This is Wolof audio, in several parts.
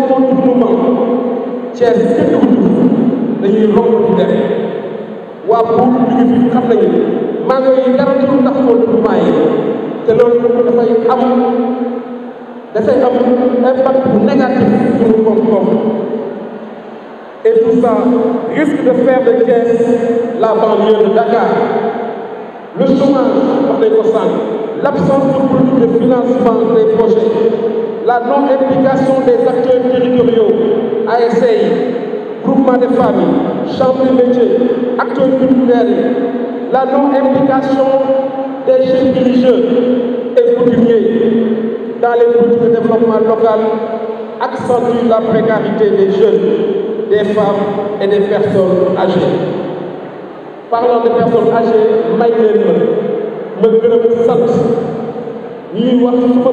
kenn koo tudd ma Thiès kenn ku tudd dañuy romb di dem waa Poul bi nga fi xam nañu mango yi dara tudd ndax koo tudd maa te loolu dafay am dafay am impact bu négatif pour koom-koom et tout ça risque de faire de Thiès la banlieue de Dakar le chômage wax nañ ko sànq l'absence de politique de financement des projets la non-implication des acteurs territoriaux, ASI, groupement des familles, chambre de métiers, acteurs culturels, la non-implication des chefs religieux et coutumiers dans les politiques de développement local accentue la précarité des jeunes, des femmes et des personnes âgées. Parlant des personnes âgées, may leen ma ma gërëm sant ñuy wax suma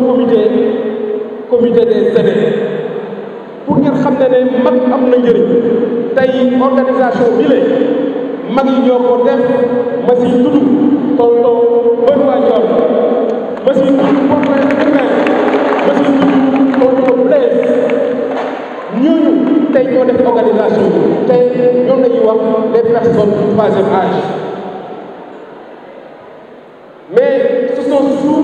comité des aînés pour ngeen xam ne ne mag am na njëriñ tey organisation bi mag yi ñoo ko def ma si tudd tonton Benoît Dior ma si tudd Portrait Humain ma si tudd tonton Blaise tey ñoo def organisation tey ñoom la wax les personnes du troisième mais ce sont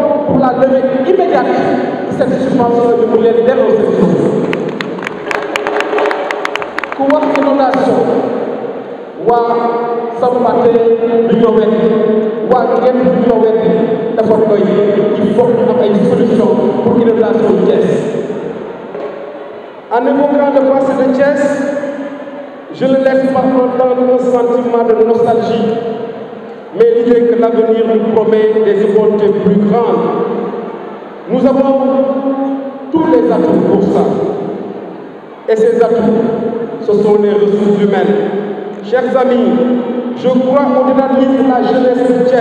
waa Sambathé du ñoo weddi waa Ngenn du ñoo weddi dafa doy il faut ñu am ay solution pour inondation Thiès en évoquant le de Thiès je le laisse parfois dans un sentiment de nostalgie mais l'idée que l'avenir nous promet des opportunités plus grandes nous avons tous les atouts pour ça et ces atouts ce sont les ressources humaines Chers amis, je crois au dynamisme de la jeunesse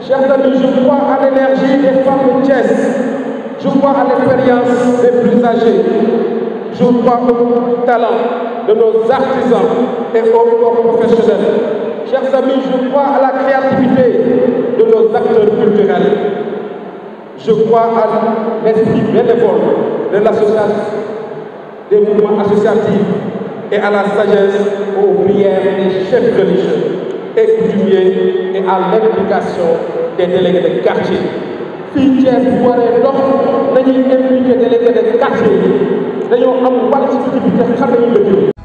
Chers amis, je crois à l'énergie des femmes de Thiès. Je crois à l'expérience des plus âgés. Je crois au talent de nos artisans et aux corps professionnels. Chers amis, je crois à la créativité de nos acteurs culturels. Je crois à l'esprit bénévole de l'association, des mouvements associatifs et à la sagesse prière des chefs religieux et coutumiers et à l'implication des délégués de quartier fii Thiès bu waree dox nañuy impliqué délégué a quartier yi dañoo am wàll ci dugub bi te xam nañu